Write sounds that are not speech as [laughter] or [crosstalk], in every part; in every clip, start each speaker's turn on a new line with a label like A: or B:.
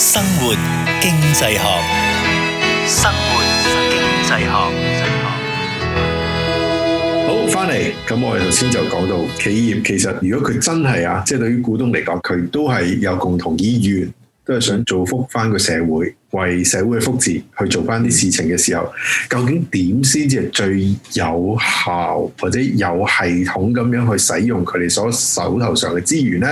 A: 生活經濟學，
B: 生活
A: 經濟學，好翻嚟。咁我哋頭先就講到，企業其實如果佢真係啊，即係對於股東嚟講，佢都係有共同意願，都係想造福翻個社會。為社會嘅福祉去做翻啲事情嘅時候，究竟點先至係最有效或者有系統咁樣去使用佢哋所手頭上嘅資源呢？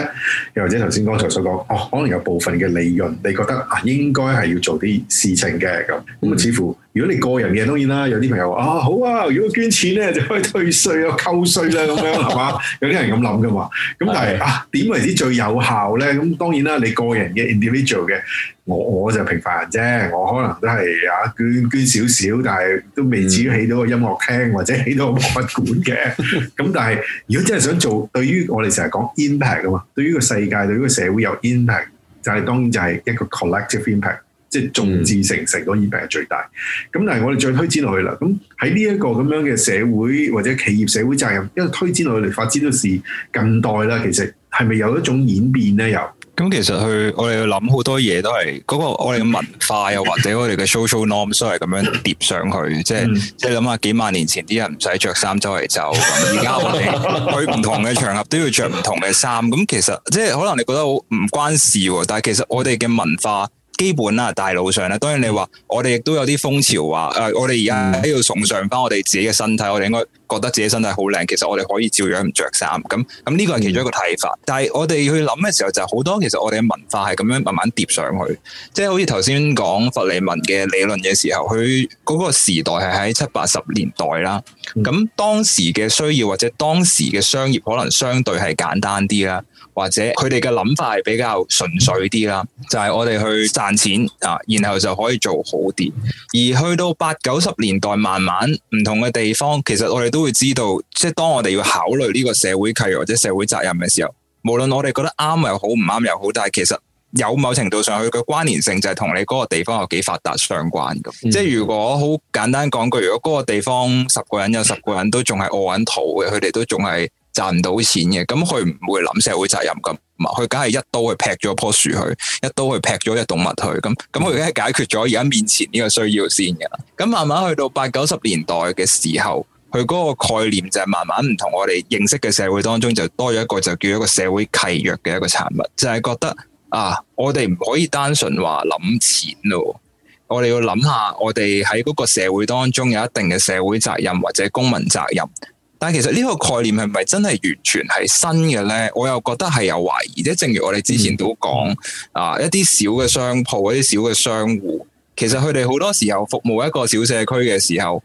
A: 又或者頭先剛才所講，哦，可能有部分嘅利潤，你覺得啊，應該係要做啲事情嘅咁，咁、嗯、啊，似乎。如果你個人嘅，當然啦，有啲朋友話啊好啊，如果捐錢咧就可以退稅啊扣稅啦、啊、咁樣係 [laughs] 嘛？有啲人咁諗㗎嘛。咁但係啊點為之最有效咧？咁當然啦，你個人嘅 individual 嘅，我我就平凡人啫，我可能都係啊捐捐少少，但係都未至於起到個音樂廳或者起到個博物館嘅。咁 [laughs] 但係如果真係想做，對於我哋成日講 impact 啊嘛，對於個世界對於個社會有 impact，就係、是、當然就係一個 collective impact。即係眾志成城，當然係最大。咁但係我哋再推展落去啦。咁喺呢一個咁樣嘅社會或者企業社會責任，因為推展落去嚟發展到是近代啦。其實係咪有一種演變
B: 咧？又、嗯、咁其實去我哋要諗好多嘢，都係嗰個我哋嘅文化又 [laughs] 或者我哋嘅 social norms 都係咁樣疊上去。就是嗯、即係即係諗下幾萬年前啲人唔使着衫周圍走，而 [laughs] 家我哋去唔同嘅場合都要着唔同嘅衫。咁其實即係可能你覺得好唔關事喎，但係其實我哋嘅文化。基本啦，大路上啦，當然你話我哋亦都有啲風潮話，誒、嗯呃，我哋而家喺度崇尚返我哋自己嘅身體，我哋應該。覺得自己身體好靚，其實我哋可以照樣唔着衫咁，咁呢個係其中一個睇法。嗯、但係我哋去諗嘅時候，就係好多其實我哋嘅文化係咁樣慢慢疊上去，即係好似頭先講佛利民嘅理論嘅時候，佢嗰個時代係喺七八十年代啦。咁當時嘅需要或者當時嘅商業可能相對係簡單啲啦，或者佢哋嘅諗法係比較純粹啲啦。就係我哋去賺錢啊，然後就可以做好啲。而去到八九十年代，慢慢唔同嘅地方，其實我哋都都會知道，即係當我哋要考慮呢個社會契約或者社會責任嘅時候，無論我哋覺得啱又好，唔啱又好，但係其實有某程度上佢嘅關聯性就係同你嗰個地方有幾發達相關咁、嗯。即係如果好簡單講句，如果嗰個地方十個人有十個人都仲係餓緊肚嘅，佢哋都仲係賺唔到錢嘅，咁佢唔會諗社會責任，咁佢梗係一刀去劈咗棵樹去，一刀去劈咗一隻動物去，咁咁佢而家係解決咗而家面前呢個需要先嘅。咁慢慢去到八九十年代嘅時候。佢嗰個概念就係慢慢唔同我哋認識嘅社會當中，就多咗一個就叫一個社會契約嘅一個產物，就係、是、覺得啊，我哋唔可以單純話諗錢咯，我哋要諗下我哋喺嗰個社會當中有一定嘅社會責任或者公民責任。但其實呢個概念係咪真係完全係新嘅呢？我又覺得係有懷疑。即正如我哋之前都講、嗯、啊，一啲小嘅商鋪、一啲小嘅商戶，其實佢哋好多時候服務一個小社區嘅時候。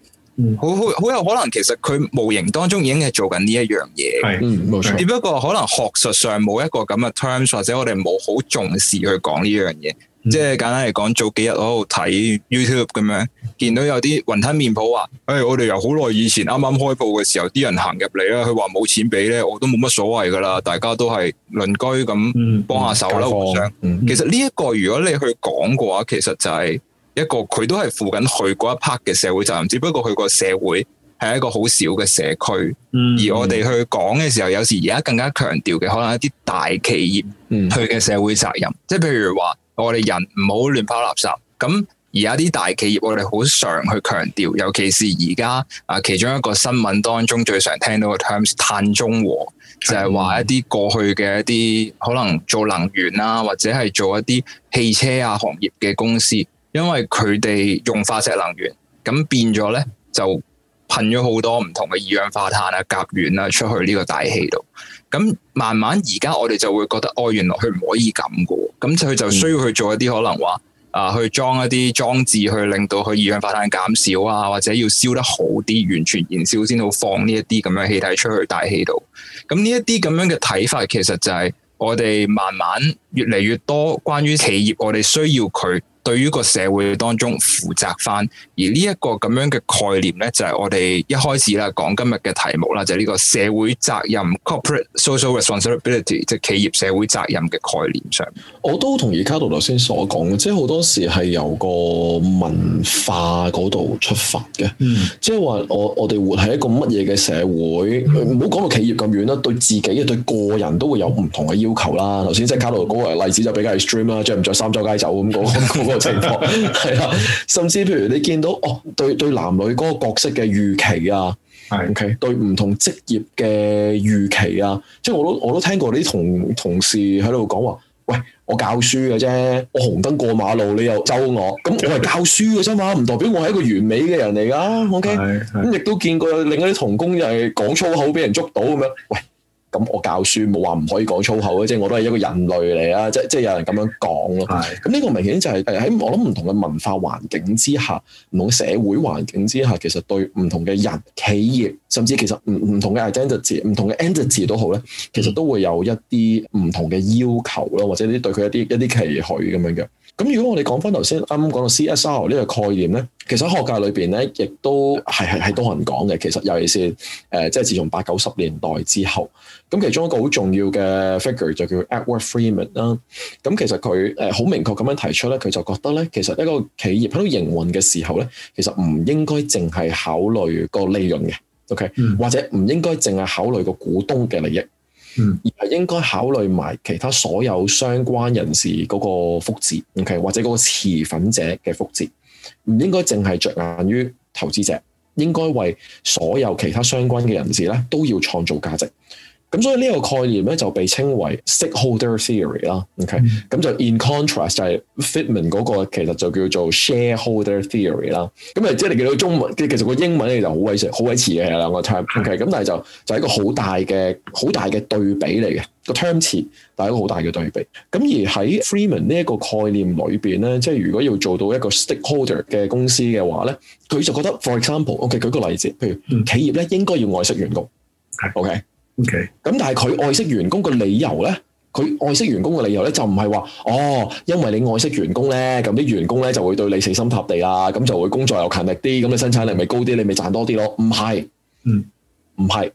B: 好好好，有可能其實佢模型當中已經係做緊呢一樣嘢，係冇錯。只不過可能學術上冇一個咁嘅 terms，或者我哋冇好重視去講呢樣嘢。即係簡單嚟講，早幾日我喺度睇 YouTube 咁樣，見到有啲雲吞麵鋪話，誒、嗯欸，我哋由好耐以前啱啱開鋪嘅時候，啲、嗯、人行入嚟啦，佢話冇錢俾咧，我都冇乜所謂噶啦，大家都係鄰居咁幫下手啦，其實呢一個如果你去講嘅話，其實就係、是。一個佢都係負緊佢嗰一 part 嘅社會責任，只不過佢個社會係一個好小嘅社區。嗯嗯、而我哋去講嘅時候，有時而家更加強調嘅，可能一啲大企業佢嘅社會責任，嗯、即係譬如話我哋人唔好亂拋垃圾。咁而家啲大企業，我哋好常去強調，尤其是而家啊其中一個新聞當中最常聽到嘅 terms 碳中和，就係、是、話一啲過去嘅一啲可能做能源啦、啊，或者係做一啲汽車啊行業嘅公司。因為佢哋用化石能源，咁變咗咧就噴咗好多唔同嘅二氧化碳啊、甲烷啊出去呢個大氣度。咁慢慢而家我哋就會覺得，哦、哎，原來佢唔可以咁喎。咁佢就需要去做一啲，嗯、可能話啊，去裝一啲裝置去令到佢二氧化碳減少啊，或者要燒得好啲，完全燃燒先好放呢一啲咁樣氣體出去大氣度。咁呢一啲咁樣嘅睇法，其實就係我哋慢慢越嚟越多關於企業，我哋需要佢。對於個社會當中負責翻，而呢一個咁樣嘅概念咧，就係我哋一開始啦講今日嘅題目啦，就係呢個社會責任 （Corporate Social Responsibility） 即係企業社會責任嘅概念上。
C: 我都同意卡杜頭先所講嘅，嗯，即係好多時係由個文化嗰度出發嘅。即係話我我哋活喺一個乜嘢嘅社會，唔好講到企業咁遠啦，對自己對個人都會有唔同嘅要求啦。頭先即係卡杜嗰個例子就比較 extreme 啦，著唔著衫周街走咁講。嗰個 [laughs] 情況係啦，甚至譬如你見到哦，對對男女嗰個角色嘅預期啊，係 OK，對唔同職業嘅預期啊，即係我都我都聽過啲同同事喺度講話，喂，我教書嘅啫，我紅燈過馬路你又咒我，咁我係教書嘅啫嘛，唔代表我係一個完美嘅人嚟噶，OK，咁亦、嗯、都見過另一啲同工又係講粗口俾人捉到咁樣，喂。咁我教書冇話唔可以講粗口，即係我都係一個人類嚟啊，即即係有人咁樣講咯。係咁，呢個明顯就係誒喺我諗唔同嘅文化環境之下，唔同嘅社會環境之下，其實對唔同嘅人、企業，甚至其實唔唔同嘅 identity、唔同嘅 entity 都好咧，其實都會有一啲唔同嘅要求咯，或者啲對佢一啲一啲期許咁樣嘅。咁如果我哋講翻頭先啱啱講到 CSR 呢個概念咧？其實學界裏面咧，亦都係係係多人講嘅。其實尤其是誒，即係自從八九十年代之後，咁其中一個好重要嘅 figure 就叫 Edward Freeman 啦。咁其實佢誒好明確咁樣提出咧，佢就覺得咧，其實一個企業喺度營運嘅時候咧，其實唔應該淨係考慮個利潤嘅，OK，或者唔應該淨係考慮個股東嘅利益，嗯，而係應該考慮埋其他所有相關人士嗰個福祉，OK，或者嗰個持份者嘅福祉。唔應該淨係着眼於投資者，應該為所有其他相關嘅人士咧，都要創造價值。咁所以呢個概念咧就被稱為 stakeholder theory 啦，OK？咁、mm -hmm. 就 in contrast 就係 Friedman 嗰個其實就叫做 shareholder theory 啦。咁啊，即係你見到中文其實個英文咧就好鬼成，好鬼似嘅兩個 term，OK？、Okay? 咁但係就就係、是、一個好大嘅好大嘅對比嚟嘅個 term 詞，但係一個好大嘅對比。咁而喺 Freeman 呢一個概念裏面咧，即係如果要做到一個 stakeholder 嘅公司嘅話咧，佢就覺得，for example，OK？、Okay, 舉個例子，譬如企業咧應該要愛惜員工，OK？咁、okay. 但係佢愛惜員工嘅理由呢？佢愛惜員工嘅理由呢？就唔係話哦，因為你愛惜員工呢，咁啲員工呢就會對你死心塌地啊，咁就會工作又勤力啲，咁你生產力咪高啲，你咪賺多啲咯。唔係，嗯，唔係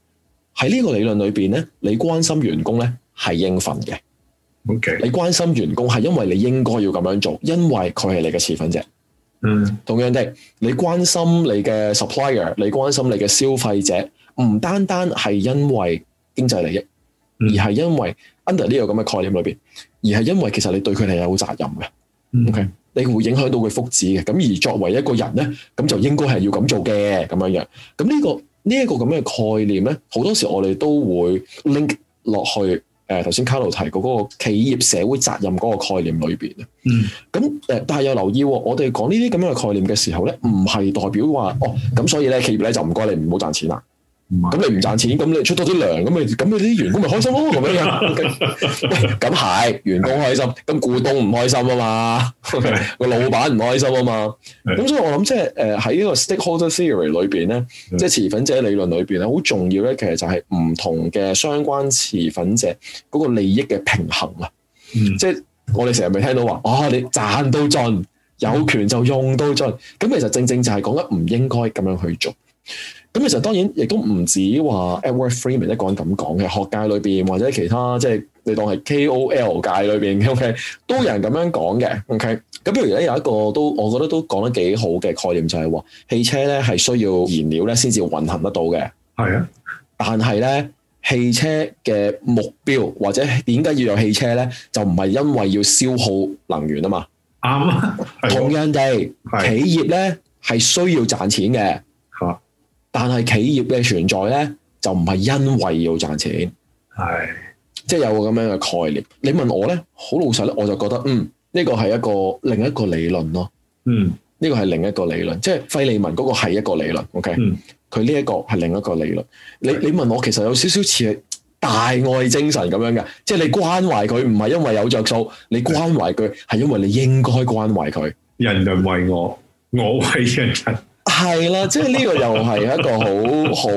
C: 喺呢個理論裏邊呢，你關心員工呢係應份嘅。Okay. 你關心員工係因為你應該要咁樣做，因為佢係你嘅持份者啫。嗯、mm.，同樣地，你關心你嘅 supplier，你關心你嘅消費者，唔單單係因為。經濟利益，而係因為 under 呢個咁嘅概念裏邊，而係因為其實你對佢哋係有責任嘅，OK、嗯、你會影響到佢福祉嘅。咁而作為一個人咧，咁就應該係要咁做嘅，咁樣、這個這個、這樣。咁呢個呢一個咁嘅概念咧，好多時候我哋都會 link 落去，誒、呃，頭先卡路提過嗰個企業社會責任嗰個概念裏邊。嗯。咁誒、呃，但係又留意，我哋講呢啲咁樣嘅概念嘅時候咧，唔係代表話哦，咁所以咧企業咧就唔該你唔好賺錢啦。咁你唔賺錢，咁你出多啲糧，咁咪咁啲員工咪開心咯，咁樣樣。咁 [laughs] 係員工開心，咁股東唔開心啊嘛，個老闆唔開心啊嘛。咁所以我諗即係誒喺呢個 stakeholder theory 裏邊咧，即係持份者理論裏邊咧，好重要咧，其實就係唔同嘅相關持份者嗰個利益嘅平衡啊。即、嗯、係、就是、我哋成日咪聽到話，哦你賺到盡，有權就用到盡，咁其實正正就係講緊唔應該咁樣去做。咁其實當然亦都唔止話 Edward Freeman 一個人咁講嘅，學界裏邊或者其他即係、就是、你當係 KOL 界裏邊嘅，okay? 都有人咁樣講嘅。OK，咁譬如咧有一個都，我覺得都講得幾好嘅概念就係話，汽車咧係需要燃料咧先至運行得到嘅。係啊，但係咧汽車嘅目標或者點解要有汽車咧，就唔係因為要消耗能源啊嘛。啱，同樣哋企業咧係需要賺錢嘅。但係企業嘅存在呢，就唔係因為要賺錢，係即係有個咁樣嘅概念。你問我呢，好老實呢，我就覺得嗯，呢個係一個另一個理論咯，嗯，呢個係另一個理論，即係費利文嗰個係一個理論，OK，佢呢一個係另一個理論。你你問我，其實有少少似大愛精神咁樣嘅，即係你關懷佢唔係因為有着數，你關懷佢係因為你應該關懷佢，人人為我，我為人人。係 [laughs] 啦，即係呢個又係一個 [laughs] 好，好，、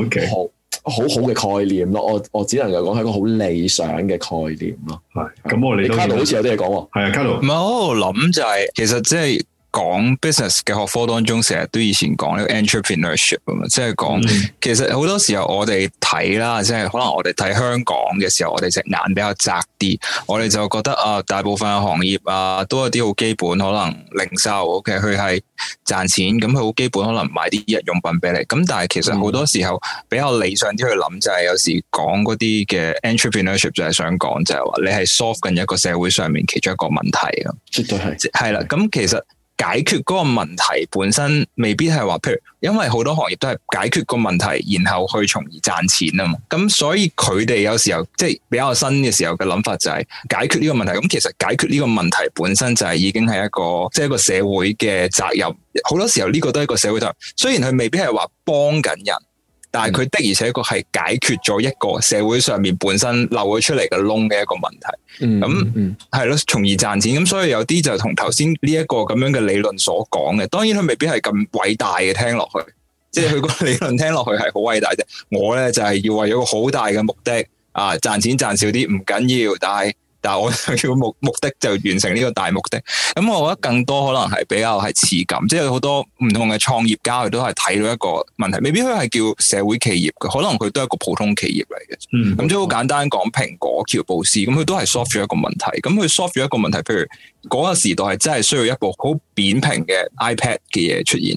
C: okay. 好，好好好好好好嘅概念咯。我我只能夠講係一個好理想嘅概念咯。
B: 係，咁我理你卡羅好似有啲嘢講喎。係啊，卡羅。唔係我喺度諗就係、是，其實即、就、係、是。講 business 嘅學科當中，成日都以前講呢個 entrepreneurship 啊嘛，即係講，其實好多時候我哋睇啦，即係可能我哋睇香港嘅時候，我哋隻眼比較窄啲、嗯，我哋就覺得啊、呃，大部分嘅行業啊、呃，都有啲好基本，可能零售 OK，佢係賺錢，咁佢好基本，可能買啲日用品俾你。咁但係其實好多時候比較理想啲、嗯、去諗，就係、是、有時講嗰啲嘅 entrepreneurship，就係想講就係、是、話你係 solve 緊一個社會上面其中一個問題啊。絕對係係啦，咁、嗯嗯、其實。解決嗰個問題本身未必係話，譬如因為好多行業都係解決個問題，然後去從而賺錢啊嘛。咁所以佢哋有時候即係、就是、比較新嘅時候嘅諗法就係解決呢個問題。咁其實解決呢個問題本身就係已經係一個即係、就是、一個社會嘅責任。好多時候呢個都係一個社會責任，雖然佢未必係話幫緊人。但係佢的而且確係解決咗一個社會上面本身漏咗出嚟嘅窿嘅一個問題。咁係咯，從而賺錢。咁所以有啲就同頭先呢一個咁樣嘅理論所講嘅，當然佢未必係咁偉大嘅聽落去，即係佢個理論聽落去係好偉大啫。我咧就係、是、要為咗個好大嘅目的，啊賺錢賺少啲唔緊要，但係但我要目目的就完成呢個大目的。咁我覺得更多可能係比較係次感，即係好多唔同嘅創業家佢都係睇到一個問題，未必佢係叫社會企業嘅，可能佢都係個普通企業嚟嘅。咁即好簡單講，蘋、嗯、果、喬布斯咁，佢都係 solve 咗一個問題。咁佢 solve 咗一個問題，譬如嗰、那個時代係真係需要一部好扁平嘅 iPad 嘅嘢出現。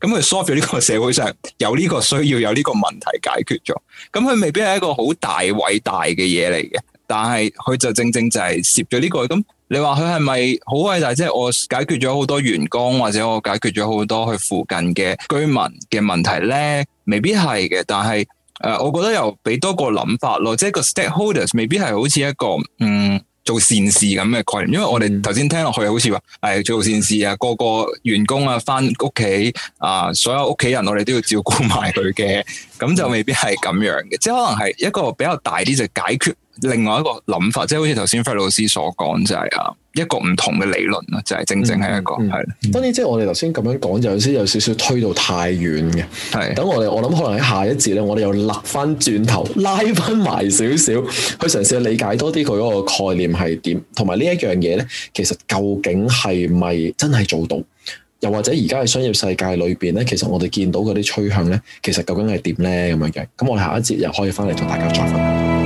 B: 咁佢 solve 咗呢個社會上有呢個需要，有呢個問題解決咗。咁佢未必係一個好大偉大嘅嘢嚟嘅。但係佢就正正就係涉咗呢個咁，你話佢係咪好偉大？即係我解決咗好多員工，或者我解決咗好多佢附近嘅居民嘅問題咧？未必係嘅。但係誒、呃，我覺得又俾多個諗法咯。即係個 stakeholders 未必係好似一個嗯做善事咁嘅概念，因為我哋頭先聽落去好似話係做善事啊，個個員工啊翻屋企啊，所有屋企人我哋都要照顧埋佢嘅，咁 [laughs] 就未必係咁樣嘅。即係可能係一個比較大啲就解決。另外一個諗法，即係好似頭先費老師所講，就係、是、啊一個唔同嘅理論咯，就係、是、正正係一個係、嗯嗯嗯。
C: 當然，即係我哋頭先咁樣講，有時有少少推到太遠嘅。係。等我哋，我諗可能喺下一節咧，我哋又立翻轉頭，拉翻埋少少，去嘗試理解多啲佢嗰個概念係點，同埋呢一樣嘢咧，其實究竟係咪真係做到？又或者而家喺商業世界裏邊咧，其實我哋見到嗰啲趨向咧，其實究竟係點咧咁樣
A: 嘅？咁我哋下一節又可以翻嚟同大家再分享。